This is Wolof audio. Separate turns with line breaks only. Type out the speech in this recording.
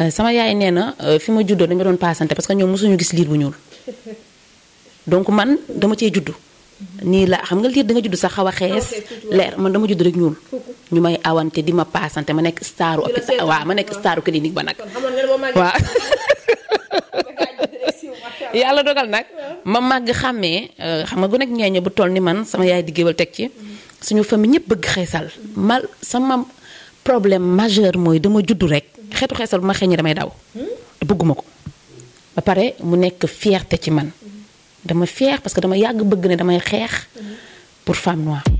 Euh, sama yaay nee euh, fi ma juddo dañu ma doon paasante parce que ñoom musuñu gis lire bu ñuul donc man dama cey juddu ni la xam nga lire da nga judd sax xawa xees leer man dama judd rek ñuul ñu may awante di ma paasante ma nek staru hôpital waaw ma nek staru clinique ba nag waaw yàlla dogal nak ma mag xamé euh, xam nga gu nek ñeñu bu toll ni man sama yaay di géwal teg ci suñu fami ñepp bëgg xéssal mal sama problème majeur moy dama juddu rek xeetu xeesal bu ma xeeñee damay daw bëgguma ko ba pare mu nekk te ci man dama fier parce que dama yàgg bëgg ne damay xeex pour femme noire